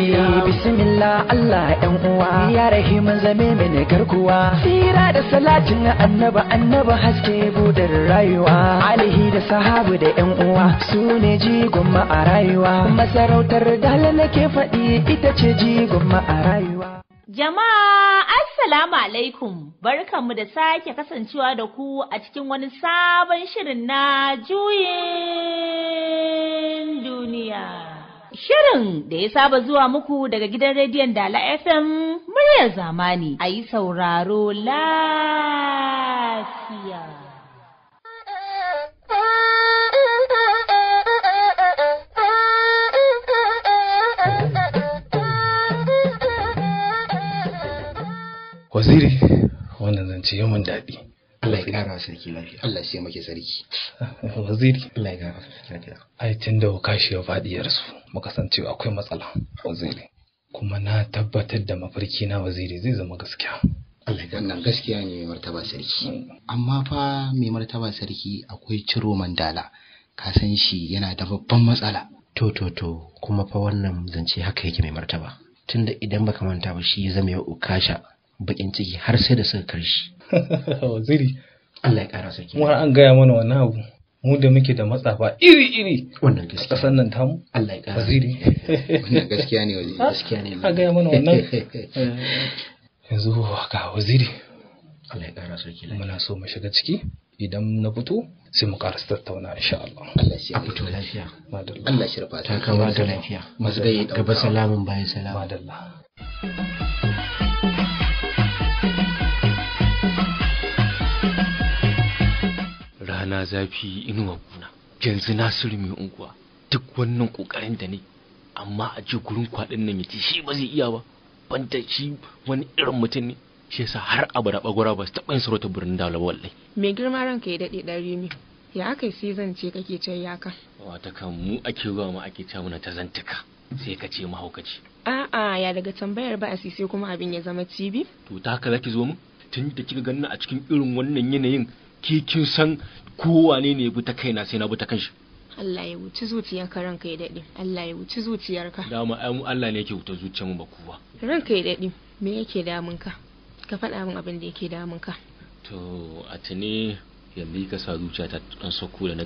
bismillah Allah yan uwa ya rahimin zame mene garkuwa tsira da salatin annaba annaba haske budar rayuwa alihi da sahabu da yan uwa su ne jigon a rayuwa masarautar dala nake faɗi ita ce jigon a rayuwa Jama'a Assalamu alaikum barkanmu da sake kasancewa da ku a cikin wani sabon shirin na juyin duniya. Shirin da ya saba zuwa muku daga gidan rediyon Dala FM muryar zamani a yi sauraro lafiya. Waziri, wannan zance yi mun daɗi. Allah ya ƙara sarki lafiya. Allah ya maki sarki. Waziri. Allah ya ƙara sarki lafiya. Ai, tun da wuka shi ya faɗiyarsu. muka san cewa akwai matsala waziri kuma na tabbatar da mafarki na waziri zai zama gaskiya wannan gaskiya ne mai martaba sarki mm. amma fa mai martaba sarki akwai ciro mandala ka san shi yana da babban matsala to to to kuma fa wannan zance haka yake mai martaba tunda idan baka manta ba shi ya zama ya ukasha bakin ciki har sai da suka karshi waziri Allah ya kara sarki mu an gaya mana wannan abu mu da muke da matsafa iri-iri wannan gaskiya kasan nan tamu Allah ya kara wannan gaskiya ne waziri gaskiya ne ka ga mana wannan yanzu ga waziri Allah ya kara sarki lafiya muna so mu shiga ciki idan na fito sai mu karasa tattauna insha Allah Allah ya fito lafiya madalla Allah ya shirfa ta kama da lafiya mazgai gaba salamin bayan salama madalla rana zafi inuwa kuna yanzu na mai unguwa duk wannan kokarin da ne amma a je gurin kwaɗin nan yace shi ba zai iya ba banta shi wani irin mutum ne shi yasa har abada bagwara ba su taɓa yin sarauta birnin dala wallahi Me girma ranka ya daɗe ɗari ne ya aka yi season ce kake can ka wata kan mu ake zuwa ma ake ta muna ta zantuka sai ka ce mahaukaci a'a ya daga tambayar ba a sai kuma abin ya zama cibi to ta haka zaki zo mu tun da kika ganna a cikin irin wannan yanayin ke san kowane ne ya bi ta kaina sai na bi ta kanshi Allah ya wuce zuciyar ka ranka ya daɗe Allah ya wuci zuciyarka dama ai mu Allah ne yake wuta zuciyar mu ba kowa ranka ya daɗe me yake damun ka ka faɗa min abin da yake damun ka to a tuni yanzu ka sa zuciya ta dan sauko da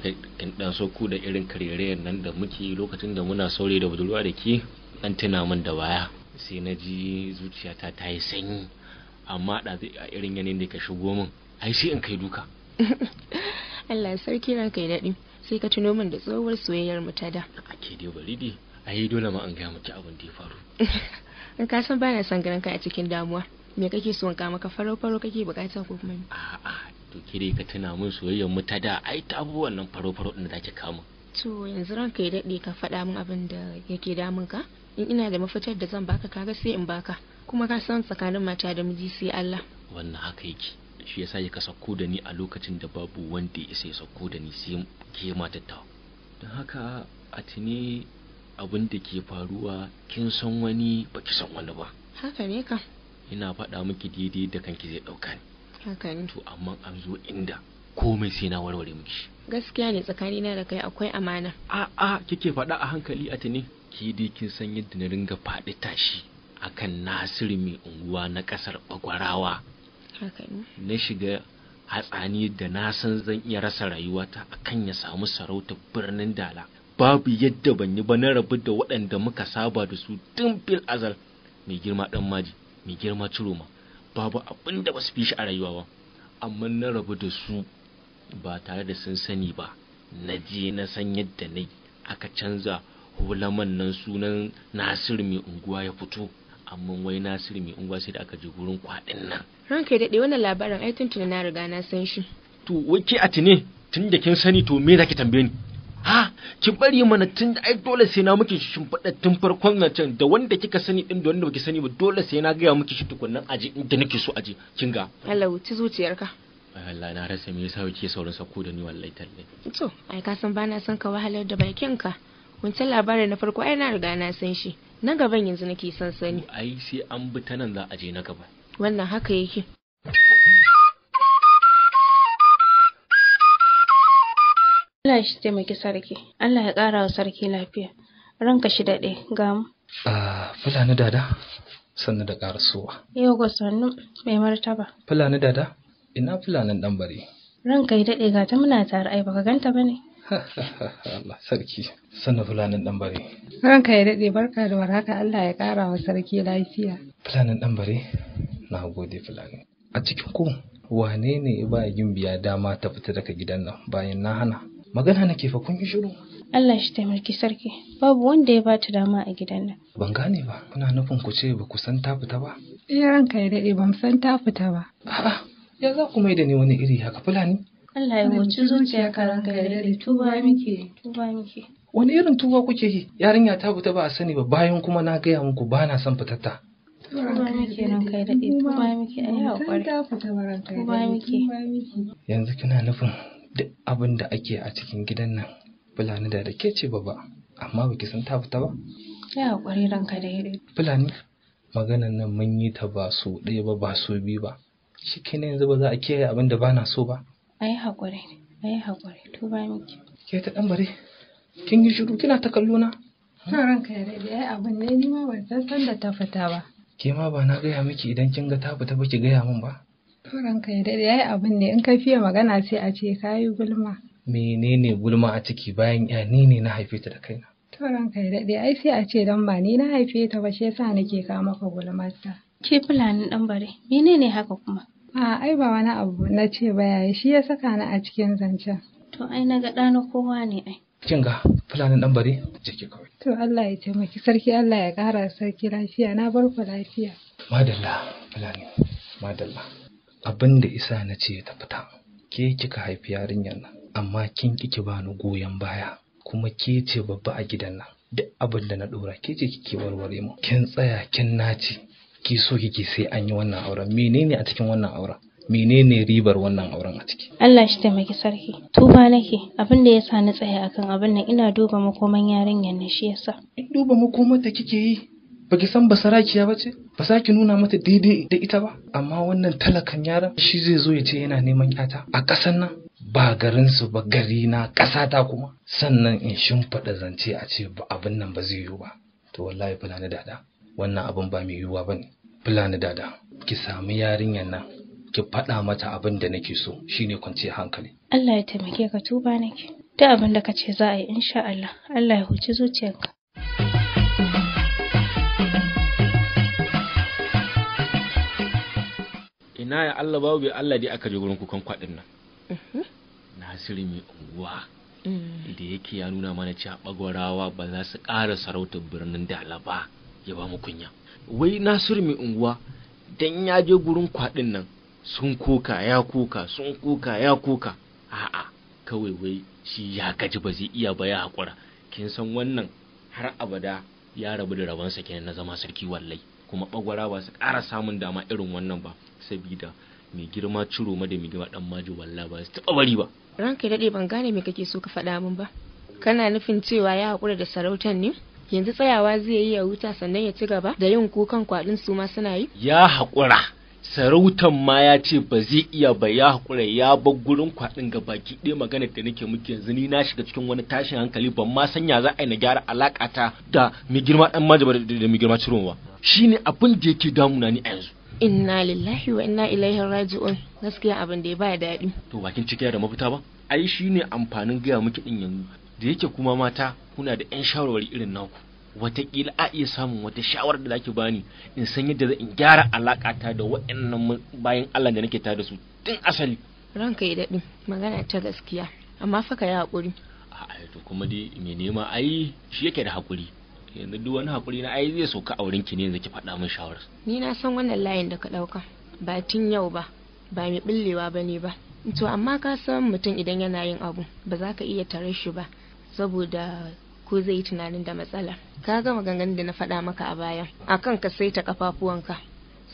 dan sauko da irin karerayen nan da muke lokacin da muna saurayi da budurwa da ke dan tuna min da baya sai na ji zuciyata ta yi sanyi amma da a irin yanayin da ka shigo min ai sai in kai duka Allah sarki ranka ya daɗi sai ka tuno min da tsohuwar soyayyar mu ta da ake dai bari dai yi dole ma an ga miki abin da ya faru in ka san bana son ganin ka a cikin damuwa me kake so in ka faro faro kake bukata ko kuma a'a to ke dai ka tuna min soyayyar mu ta da ai ta abubuwan nan faro faro din da zaki kama to yanzu ran kai daɗe ka faɗa min abin da yake damun ka in ina da mafitar da zan baka kaga sai in baka kuma ka san tsakanin mata da miji sai Allah wannan haka yake shi yasa ya ka sauko da ni a lokacin da babu wanda ya isa ya sauko da ni sai ke matatta don haka a tuni abin da ke faruwa kin san wani baki san wani ba haka ne ka ina faɗa miki daidai da kanki zai ɗauka ni haka ne to amma an zo inda komai sai na warware miki gaskiya ne tsakani na da kai akwai amana a a kike faɗa a hankali a tuni ke dai kin san yadda na ringa faɗi tashi akan nasiri mai unguwa na ƙasar bagwarawa na shiga hatsani da na san zan iya rasa rayuwata akan ya samu sarauta birnin dala babu yadda ban yi ba na rabu da waɗanda muka saba da su tun fil azal mai girma ɗan maji mai girma ciroma babu abin da basu fi shi a rayuwa ba amma na rabu da su ba tare da sun sani ba na je na san yadda na aka canza hulaman nan sunan nasir mai unguwa ya fito amma wai nasiru mai unguwa sai da aka je gurin kwaɗin nan ranka daɗe wannan labarin ai tun na riga na san shi to wake a tune tun da kin sani to me za ki tambaye ni ha ki bari mana tun da ai dole sai na miki shimfiɗa tun farkon can da wanda kika sani din da wanda baki sani ba dole sai na gaya miki shi tukunnan aje inda nake so aje kin ga Allah wuci zuciyarka Allah na rasa me yasa kike saurin sako da ni wallahi talle to ai ka san bana son ka wahalar da bakin ka wancan labarin na farko ai na riga na san shi na gaban yanzu nake son sani ai sai an bi ta nan za a je na gaba wannan haka yake Allah shi taimaki sarki Allah ya ƙara wa sarki lafiya ranka shi daɗe ga mu ah, fulani dada sannu da ƙarasuwa yau ga sannu mai martaba fulani dada ina fulanin ɗan bare ranka yi daɗe ga ta muna tare ai baka ganta ba ne Allah sarki sannan fulanin dan bare ranka ya dade barka da warhaka Allah ya kara wa sarki lafiya fulanin dan bare na gode fulani a cikin ku wane ne ba gimbiya dama ta fita daga gidan nan bayan na hana magana nake fa kun shiru Allah shi taimaki sarki babu wanda ya bata dama a gidan nan ban gane ba kuna nufin ku ce ba ku san ta fita ba eh ranka ya dade ban san ta fita ba a'a ya za ku mai da ni wani iri haka fulani Allah ya wuce zuciya karan ka yarda tuba miki tuba miki wani irin tuba kuke yi yarinya ta fita ba a sani ba bayan kuma na gaya muku ba na son fitarta tuba miki nan kai da tuba miki ayi hakuri tuba miki yanzu kina nufin duk abin da ake a cikin gidan nan fulani da ke ce ba ba, amma ba ki san ta fita ba ya hakuri ranka da yare fulani maganan nan mun yi ta ba so ɗaya ba ba so biyu ba shi kenan yanzu ba za a kiyaye abin da ba na so ba a yi haƙuri a yi haƙuri tuba miki ke ta ɗan bare kin yi shiru kina ta kallo na na ranka ya daɗe ai abin ne ni ma ban san da ta fita ba ke ma ba na gaya miki idan kin ga ta fita ba ki gaya min ba na ranka ya daɗe ai abin ne in ka fiye magana sai a ce ka yi gulma menene gulma a ciki bayan ya ni ne na haife ta da kaina to ranka ya daɗe ai sai a ce dan ba ni na haife ta ba shi yasa nake kawo maka gulmarta ke fulani ɗan bare menene haka kuma A'a ai ba wani abu na ce ba yayi shi ya saka ni a cikin zancen. To ai na ga ɗana kowa ne ai. Kin ga fulanin ɗan bari jiki kawai. To Allah ya taimaki sarki Allah ya ƙara sarki lafiya na bar ku lafiya. Madalla fulani madalla abin da isa na ce ta fita ke kika haifi yarinyar nan amma kin kiki ba ni goyon baya kuma ke ce babba a gidan nan duk abin da na ɗora ke ce kike warware mu kin tsaya kin nace ki so kike sai an yi wannan auren menene a cikin wannan auren menene ribar wannan auren a ciki Allah shi taimaki sarki tuba nake abin da yasa na tsaya akan abin nan ina duba makoman yarinyar na shi yasa duba makoman da kike yi baki san basarakiya ba ce ba za ki nuna mata daidai da ita ba amma wannan talakan yaran shi zai zo ya ce yana neman yata a ƙasar nan ba garin su ba gari na ƙasa ta kuma sannan in shimfiɗa zance a ce abin nan ba zai yiwu ba to wallahi fulani dada wannan abin ba mai yiwuwa bane fulani dada ki samu yarinyar nan ki faɗa mata abin da nake so shine kwanciyar hankali Allah ya taimake ka tuba nake duk abin da kace za a yi insha Allah Allah ya huci zuciyarka ina ya Allah babu bai Allah dai aka je gurin kukan kwaɗin nan mhm. Nasiru mai unguwa mm. da yake ya nuna mana cewa bagwarawa ba za su ƙara sarautar birnin Dala ba ya ba mu kunya wai nasiru mai unguwa dan ya je gurin kwaɗin nan sun koka ya koka sun koka ya koka a'a kawai wai shi ya gaji ba zai iya ba ya haƙura kin san wannan har abada ya rabu da rabansa kenan na zama sarki wallai kuma bagwara ba su ƙara samun dama irin wannan ba sabida mai girma ciro ma da mai girma dan maji walla ba su taɓa bari ba ranka daɗe ban gane me kake so ka faɗa min ba kana nufin cewa ya haƙura da sarautar ne yanzu tsayawa zai yi ya huta sannan ya ci gaba da yin kukan kwaɗin su ma suna yi ya haƙura sarautan ma ya ce ba zai iya ba ya haƙura ya bar gurin kwaɗin ga baki ɗaya magana da nake muke yanzu ni na shiga cikin wani tashin hankali ban ma sanya za a yi na gyara alaƙa ta da mai girma ɗan majaba da mai girma cirowa shine abin da yake damuna ni a yanzu inna lillahi wa inna ilaihi raji'un gaskiya abin da ya ba daɗi to bakin ciki da mafita ba ai shine amfanin gaya miki ɗin yanzu da yake kuma mata kuna da 'yan shawarwari irin naku watakila a iya samun wata shawarar da zaki bani in san yadda zan gyara ta da waɗannan bayan Allah da nake tare da su tun asali ranka ya daɗi magana ta gaskiya amma fa ka yi haƙuri a to kuma dai me nema ai shi yake da haƙuri yanzu duk wani haƙuri na ai zai sauka auren ki ne yanzu ki faɗa min shawarar ni na san wannan layin da ka ɗauka ba tun yau ba ba mai billewa ba ba to amma ka san mutum idan yana yin abu ba za ka iya tare shi ba saboda ko zai yi tunanin da matsala ka gama maganganun da na faɗa maka a baya kan ka saita kafafuwanka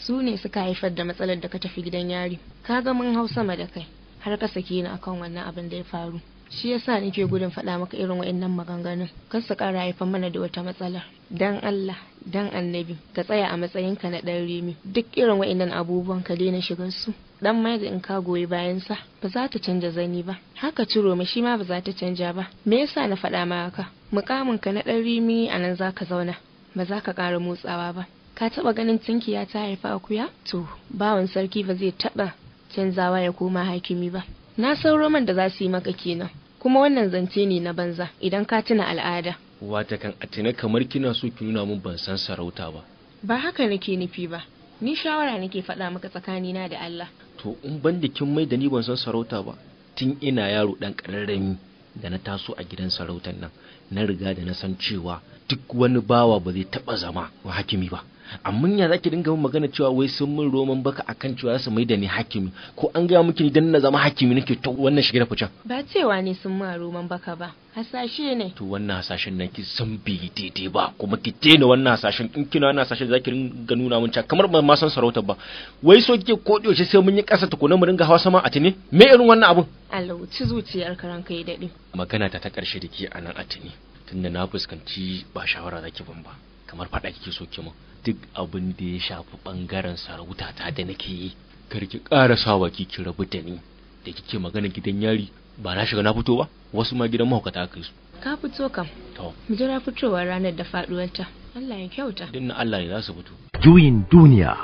su ne suka haifar da matsalar da ka tafi gidan yari ka ga mun hau sama da kai har ka sake ni akan wannan abin da ya faru shi yasa nake gudun faɗa maka irin wa'annan maganganun kar su ƙara haifar mana da wata matsalar dan Allah dan annabi ka tsaya a matsayinka na ɗan remi duk irin wa'annan abubuwan ka daina shigar su dan mai da in ka goyi bayan sa ba za ta canja zani ba haka ciro ma shi ma ba za ta canja ba me yasa na faɗa maka? haka mukamin ka na ɗan remi a nan za ka zauna ba za ka ƙara motsawa ba ka taɓa ganin tinkiya ta haifa akuya to bawan sarki ba zai taɓa canzawa ya koma hakimi ba na san roman da za su yi maka kenan kuma wannan zance ne na banza idan ka tuna al'ada wata kan a tuna kamar kina so ki nuna min ban san sarauta ba ba haka nake nufi ba ni shawara nake faɗa maka tsakanina da Allah to in ban da kin mai da ni ban san sarauta ba tun ina yaro dan ƙararrami da na taso a gidan sarautar nan na riga da na san cewa duk wani bawa ba zai taɓa zama wa hakimi ba amma ya zaki dinga mun magana cewa wai sun min roman baka akan cewa su mai da ni hakimi ko an gaya miki ni dan na zama hakimi nake to wannan shige da ficen ba cewa ne sun mun roman baka ba hasashe ne to wannan hasashen nan ki san bi daidai ba kuma ki daina wannan hasashen in kina wannan hasashen zaki dinga nuna min cewa kamar ban ma san sarautar ba wai so kike ko yaushe sai mun yi kasa tukuna mu dinga hawa sama a tini me irin wannan abun alauci zuciyar karanka ya dadi magana ta ta karshe dake anan a tini tunda na fuskanci ba shawara zaki ban ba kamar faɗa kike so ki mun duk abin da ya shafi bangaren sarauta ta da nake yi kar ki ƙara sa ki ki rabu da ni da kike magana gidan yari ba na shiga na fito ba wasu ma gidan mahaukata aka yi su ka fito kam to mu jira fitowar ranar da faɗuwarta Allah ya kyauta dinnan Allah ne za su fito juyin duniya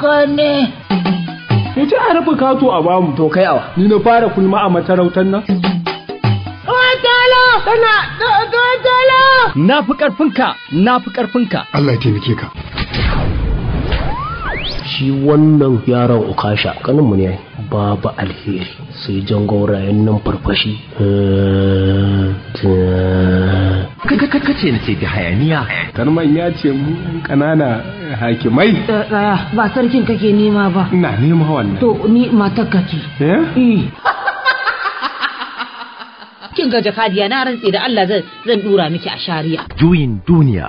ka ne. Ya ce a rufe kato a bamu. To kai awa. Ni na fara kulma a matarautar nan. Tolo! Tana Tolo! Na fi ƙarfinka! Na fi ƙarfinka! Allah ya taimake ka. shi wannan yaron ukasha kanin mu ne babu alheri sai jan gaurayen nan farfashi ce na ce ga hayaniya Tarman ya ce mu kanana hakimai eh, eh, ba sarkin kake nema ba ina nema wannan to ni matar kake eh? kin ga jakadiya na rantse da Allah zan dura miki a shari'a juyin duniya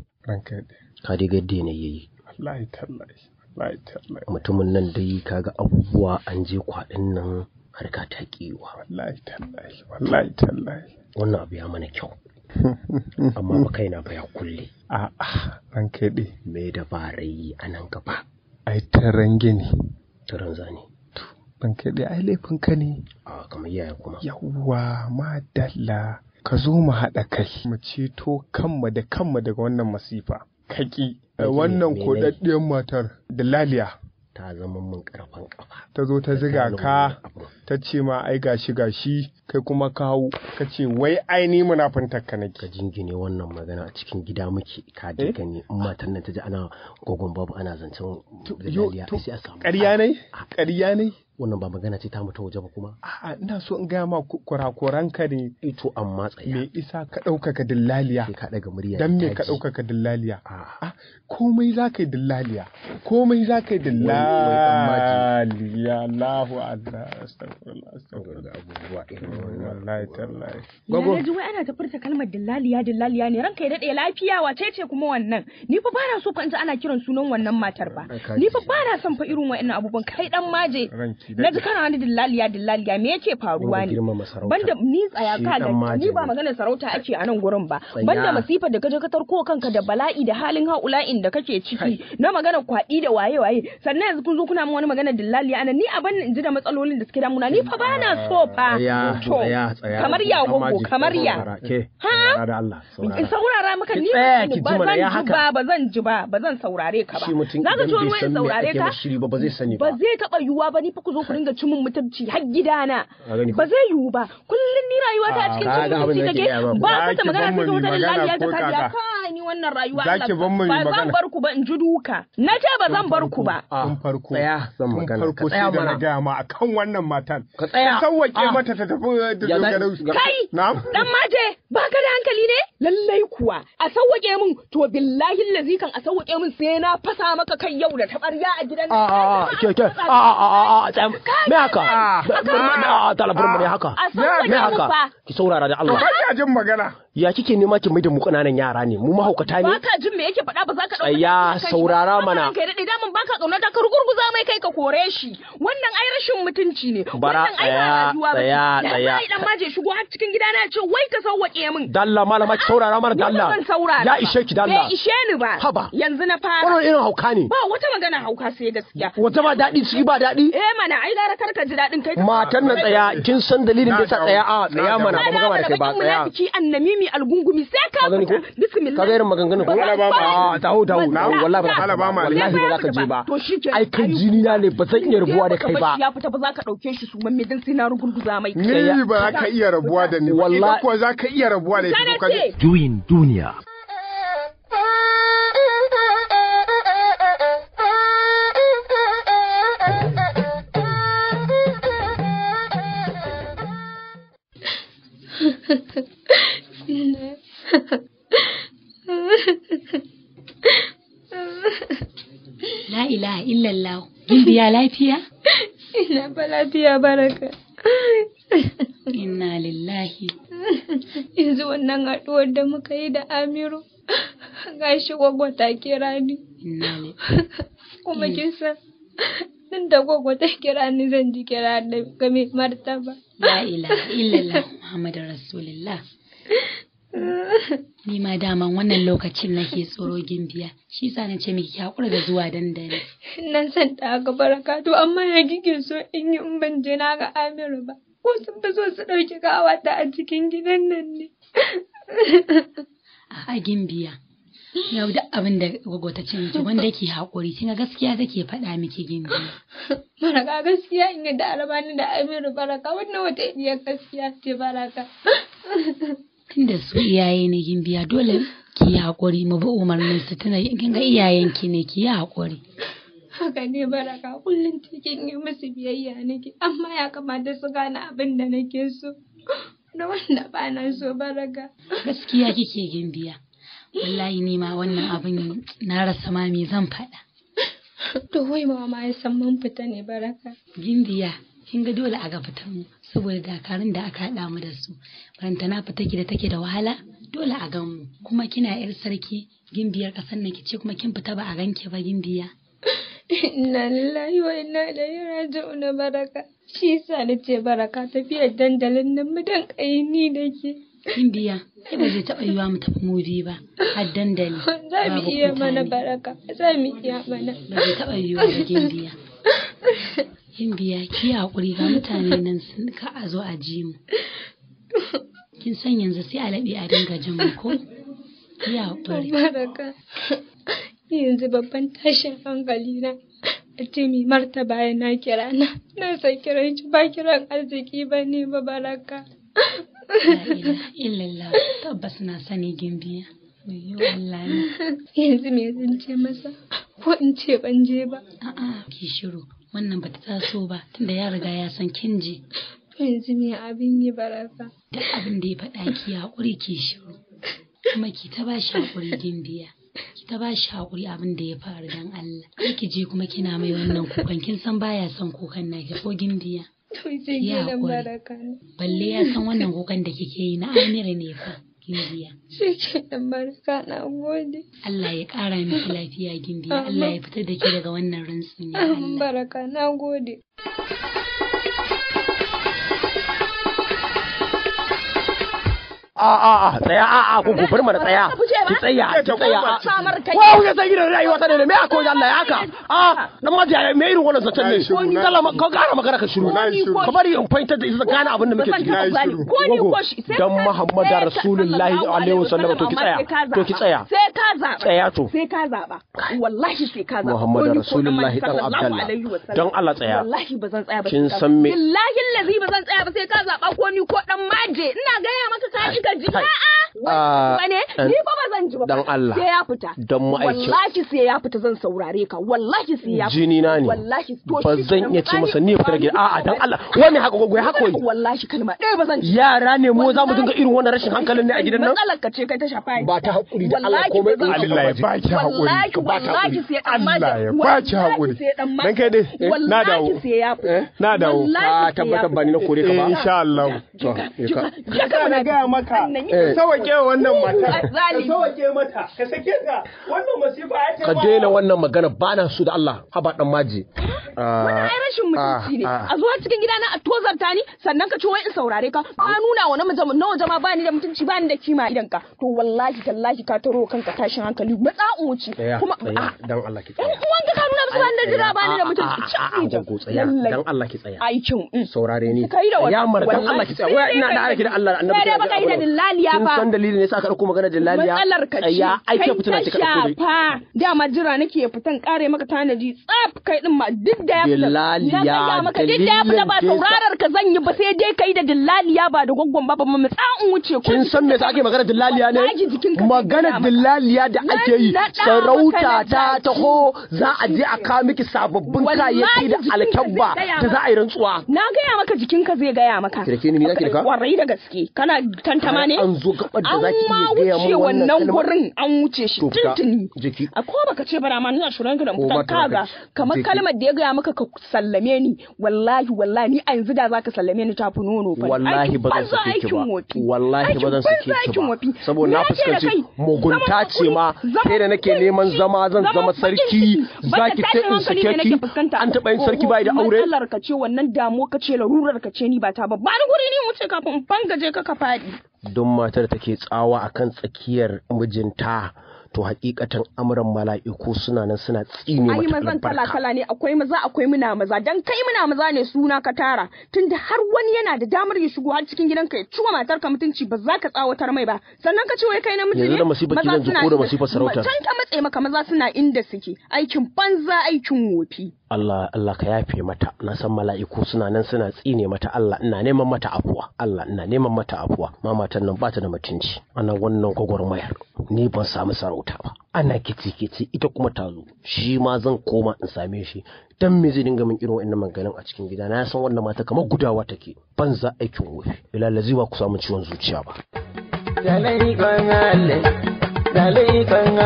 ka dai gaddi ne yayi wallahi tallahi wallahi tallahi mutumin nan dai kaga abubuwa an je kwaɗin nan harka ta kiwa wallahi tallahi wallahi tallahi wannan abu ya mana kyau amma ba kaina ba ya kulle a'a ran kai me dabarai a nan gaba ai taran gini taran zane Ban kaɗe a ai laifin ka ne a kamar yaya kuma yawwa madalla ka zo mu haɗa kai mu ceto kanmu da kanmu daga wannan masifa kaki wannan kodaddiyar matar da laliya ta zama mun karfan kafa ta zo ta ziga ka ta ce ma ai gashi gashi kai kuma ka ka ce wai ai ni munafintar ka nake ka jingine wannan magana a cikin gida muke ka da eh? ni in matan nan ta ji ana gogon babu ana zancen da laliya sai a samu ƙarya ne ƙarya ne wannan ba magana ce ta mutu waje ba kuma a'a ina so in gaya ma kurakuran ka ne ito e amma tsaya me isa ka ɗaukaka dillaliya ka daga murya dan me ka ɗaukaka dillaliya a'a ah, komai za ka yi dillaliya komai za ka yi dillaliya Allahu Allah Astagfirullah. Astagfirullah. abubuwa wallahi tallahi gogo ya ji wai ana ta furta kalmar dillaliya dillaliya ne ranka ya dade lafiya wace ce kuma wannan ni fa ba na so fa in ji ana kiran sunan wannan matar ba ni fa ba na son fa irin wa'annan abubuwan kai dan maje na ji kana wani dillaliya dillaliya me yake faruwa ne banda ni tsaya ka ga ni ba magana sarauta ake a nan gurin ba banda masifa da kaje je ka tarko kanka da bala'i da halin haula'in da kake ciki na magana kwaɗi da waye waye sannan yanzu kun zo kuna min wani magana dillaliya anan ni ban in ji da matsalolin da suke damuna ni fa bana so fa ah, to kamar ya gogo kamar ya ha in saurara maka ni ba zan ji ba ba zan ji ba ba zan saurare ka ba zaka ji wani saurare ka ba zai taba yuwa ba ni fa ku zo zo ku dinga cimin mutunci har gidana ba zai yiwu ba kullum ni rayuwa ta a cikin cimin mutunci take ba ka ta magana ta zo lillahi ya ta kariya yi wannan rayuwa Allah ba zan bar ku ba in ji duka na ce ba zan bar ku ba tun farko tsaya zan magana ka tsaya mana ga ma akan wannan matan ka tsaya sawwake ah. mata ta tafi da dogaran kai dan mate ba ka da hankali ne lallai kuwa a sawwake min to billahi lazi kan a sawwake min sai na fasa maka kai yau da tabarya a gidan ah, ah, a a ke ke a a a a me haka a talabur ne haka me haka ki saurara da Allah ba ka jin magana ya kike nema ki mai da mu kananan yara ne mu mahaukata ne baka jin me yake faɗa ba za ka dauka ya saurara mana kai da mun baka kauna ka rugurguza mai kai ka kore shi wannan ai rashin mutunci ne bara tsaya tsaya tsaya Idan dan maje shigo har cikin gida na ce wai ka sauwake min dalla malama ki saurara mana dalla ya ishe ki dalla bai ishe ni ba haba yanzu na fara wannan irin hauka ne ba wata magana hauka sai gaskiya wata ba dadi ciki ba dadi eh mana ai gara kar ka ji dadin kai matan na tsaya kin san dalilin da yasa tsaya a ah, tsaya mana ba mu ba tsaya mi algungumi sai ka fita bismillah kaga irin maganganun ko Alabama taho taho na wallahi ba ba ma wallahi ba za ka je ba to shi ke ai kan jini na ne ba zan iya rubuwa da kai ba ya fita ba za ka dauke shi su mamme dan sai na rugurguza mai ni ba za ka iya rubuwa da ni ba ko za ka iya rubuwa da ni shi juyin duniya né? La ilaha illallah. Gimbiya lafiya? Ina ba lafiya baraka. Inna lillahi. Yanzu wannan haɗuwar da muka yi da Amiru, gashi gwagwa ta kira ni. Kuma kisa, nan da gwagwa ta kira ni zan ji kira da game martaba. La ilaha illallah Muhammadu Rasulullah. Ni ma dama wannan lokacin nake tsoro gimbiya, shi sa na ce miki hakura da zuwa dandali. Nan san ta ga baraka to amma ya kike so in yi in ban je na ga Amiru ba. Ko sun fi so su ɗauki ta a cikin gidan nan ne. A gimbiya. Yau da abin da ta ce miki wanda ke haƙuri kinga gaskiya take faɗa miki gimbiya. Baraka gaskiya in yi da da Amiru baraka wannan wata iya gaskiya ce baraka. tunda su iyaye ne kin biya dole ki yi haƙuri mu bi umarnin su tana kin ga iyayenki ne ki yi haƙuri haka ne baraka kullum cikin yi musu biyayya nake amma ya kamata su gane abin da nake so da wanda ba na so baraka gaskiya kike gimbiya wallahi ni ma wannan abin na rasa ma zan faɗa To wai mama ya san mun fita ne baraka. Gindiya kin ga dole a ga fitan mu saboda dakarun da aka haɗa mu da su. Baranta na fita ki da take da wahala, dole a gan mu. Kuma kina yar sarki, gimbiyar ƙasar nan ki ce kuma kin fita ba a ganke ba gindiya. Inna lillahi wa inna ilaihi raji'un baraka. Shi yasa nace baraka tafiyar dandalin nan mu dan kaini da ke. Indiya, ai ba zai taɓa yiwa mu tafi mudi ba, har dandali. Za mu iya mana baraka, za mu iya mana. Ba zai taɓa yiwa ba Indiya. Indiya, ki yi haƙuri ga mutane nan sun ka a zo a ji mu. Kin san yanzu sai a laɓe a dinga jin mu ko? Ki yi haƙuri. Baraka, yanzu babban tashin hankali na. A ce mai martaba ya na kira na, na sai kiran shi ba kiran arziki ba ne ba baraka. illallah tabbas na sani gimbiya yanzu me zan ce masa ko in ce ban je ba a'a ki shiru wannan bata taso ba tunda ya riga ya san kin je yanzu me abin yi barasa duk abin da ya faɗa ki hakuri ki shiru kuma ki ta ba shi haƙuri gimbiya ki ta ba shi haƙuri abin da ya faru dan Allah ki je kuma kina mai wannan kukan kin san baya son kukan naki ko gimbiya balle ya san wannan kukan da kike yi na amira ne fa gindiya gode Allah ya ƙara miki lafiya gindiya Allah ya fitar da ke daga wannan rantsin ya Allah barka gode a a tsaya a a ku bar mana tsaya ki tsaya ki tsaya ko ku rayuwa ta ne me a koyi Allah ya a dan majiya me irin wannan zaton ne kala ka gara magana ka shiru ka bari in fahimtar da isa gane abin da muke ciki dan Muhammadu Rasulullahi alaihi wasallam to ki tsaya to ki tsaya sai ka zaba tsaya to sai ka zaba wallahi sai ka zaba Muhammadu Rasulullahi dan dan Allah tsaya wallahi bazan tsaya ba kin san me tsaya ba sai ka zaba ko ni ko dan maje ina ga ya maka ta ka ji a'a ne eh, ni ba ba zan ji ba dan Allah sai ya fita dan wallahi sai ya fita zan saurare ka wallahi sai ya jini na ne wallahi to ba zan iya ce masa ni fitar gida a'a dan Allah wani haka gogo ya haka wallahi kalma ɗaya ba zan ji yara ne mu za mu dinga irin wannan rashin hankalin ne a gidan nan matsalar ka ce kai ta shafa ba ta hakuri da Allah komai ba Allah ya baki hakuri ba ta Allah ya baki hakuri dan kai dai eh, eh, na dawo na dawo a tabbatar ba ni na kore ka ba insha Allah to ya ka ga maka Eh. ka sauke wannan mata daina wannan magana ba na su da Allah haba dan maji wannan ah, rashin ah, mutunci ne ah. a zuwa cikin gida na a tozarta ni sannan ka ci wai in saurare ka ka nuna wa namiji nawa jama ba ni da mutunci ba ni da kima idan ka to wallahi tallahi ka taro kanka tashin hankali matsa'oci kuma dan zuwan na jira ba ni da tsaya dan Allah ki tsaya aikin saurare ni kai da wannan dan Allah ki tsaya ina da aiki da Allah annabi sai ba kai da dillaliya fa san dalilin ne sa ka magana dillaliya matsalar ka ce ai ke fitina ki kada Da ma jira nake fitan kare maka tanaji tsaf kai din ma duk da ya fita dillaliya maka duk da ya fita ba saurarar ka zan yi ba sai dai kai da dillaliya ba da gwaggwan ba ba mu tsa'un wuce ku kin san me sa ake magana dillaliya ne magana dillaliya da ake yi sarauta ta taho za a je a kawo miki sababbin kayayyaki da alkyabba da za a yi rantsuwa na gaya maka jikinka zai gaya maka kirke ni zaki ka warai da gaske kana tantama ne an zo gabar da zaki iya gaya mu wannan gurin an wuce shi tuntuni jiki a ko baka ce bara ma ina shuran ka da mutan kaga kamar kalmar da ya gaya maka ka sallame ni wallahi wallahi ni a yanzu da ka sallame ni tafi nono fa wallahi ba zan sake ki ba wallahi ba zan sake ki ba saboda na fuskanci mugunta ce ma sai da nake neman zama zan zama sarki zaki ce in sake ki an taɓa yin oh, sarki oh, bai da aure matsalar ka ce wannan damuwa ka ce larurar ka ce ni ba ta ba ba ni guri ni ce kafin in bangaje ka ka faɗi don matar take tsawa akan tsakiyar mijinta to hakikatan amuran mala'iku suna nan suna tsine mata albarka. Ai mazan kala kala ne akwai maza akwai muna maza dan kai muna maza ne suna ka tara tunda har wani yana da damar ya shigo har cikin gidanka ya ciwa matar ka mutunci ba za ka tsawatar mai ba sannan ka ce wai kai namiji ne yanzu suna gidan da masifar sarauta matse maka maza suna inda suke aikin banza aikin wofi Allah Allah ka yafe mata na san mala'iku suna nan suna tsine mata Allah ina neman mata afuwa Allah ina neman mata afuwa mamatan nan bata da mutunci ana wannan gwagwarmayar ni ban samu sarauta ba ana kici kici ita kuma ta zo shi ma zan koma in same shi dan me zai dinga min irin wannan maganin a cikin gida na san wannan mata kamar gudawa take banza aikin wofi ila ba ku samu ciwon zuciya ba da kan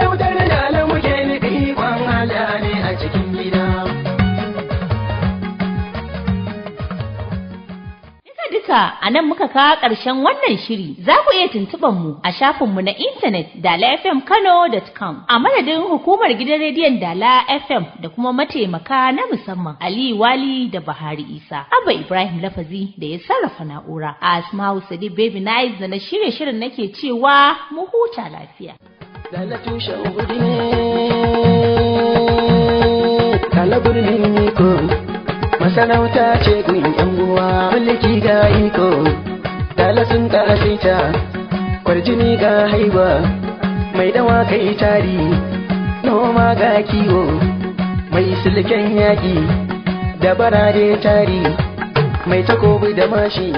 Allah duka a nan muka kawo ƙarshen wannan shiri. Za ku iya tuntuɓar mu a shafin mu na intanet dalafmkano.com a madadin hukumar gidan rediyon Dala FM da kuma mataimaka na musamman Ali Wali da Bahari Isa. Abba Ibrahim Lafazi da ya sarrafa na'ura. A Asma'u Sadiq Baby Nice da na shirye shirin nake cewa mu huta lafiya. masarauta ce gun yanguwa uwa mulki ga iko tala sun ta kwarjini ga haiba mai dawa kai tari noma ga kiwo mai silken yaƙi da barare tari mai takobi da mashi